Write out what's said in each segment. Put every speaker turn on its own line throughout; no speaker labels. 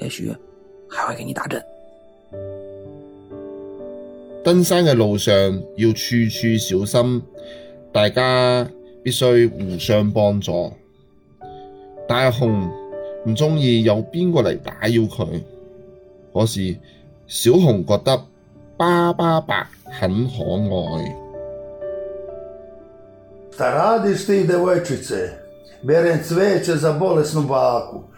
也許還會給你打針。
登山嘅路上要處處小心，大家必須互相幫助。大雄唔中意有邊個嚟打擾佢，可是小紅覺得巴巴伯很可愛。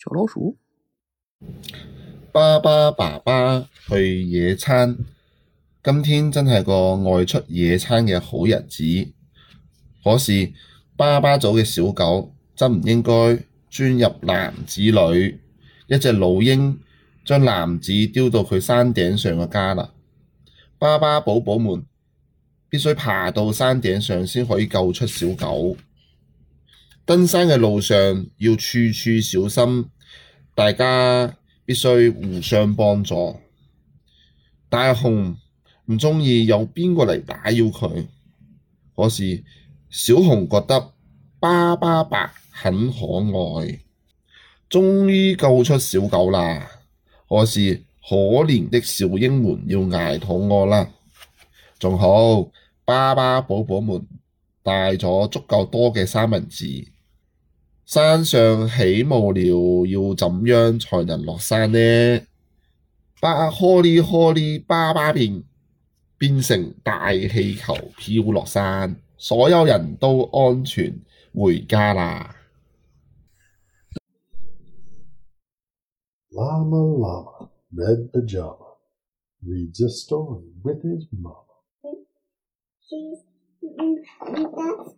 小老鼠，爸爸爸爸去野餐，今天真係個外出野餐嘅好日子。可是，爸爸組嘅小狗真唔應該鑽入籃子裏。一隻老鷹將籃子丟到佢山頂上嘅家啦。爸爸寶寶們必須爬到山頂上先可以救出小狗。登山嘅路上要處處小心，大家必須互相幫助。大雄唔鍾意有邊個嚟打擾佢，可是小熊覺得爸爸伯很可愛。終於救出小狗啦！可是可憐嘅小鷹們要捱肚餓啦。仲好，爸爸寶寶們帶咗足夠多嘅三文治。山上起霧了，要怎樣才能落山呢？把可哩可哩巴巴變變成大氣球飄落山，所有人都安全回家
啦。Llama, Llama,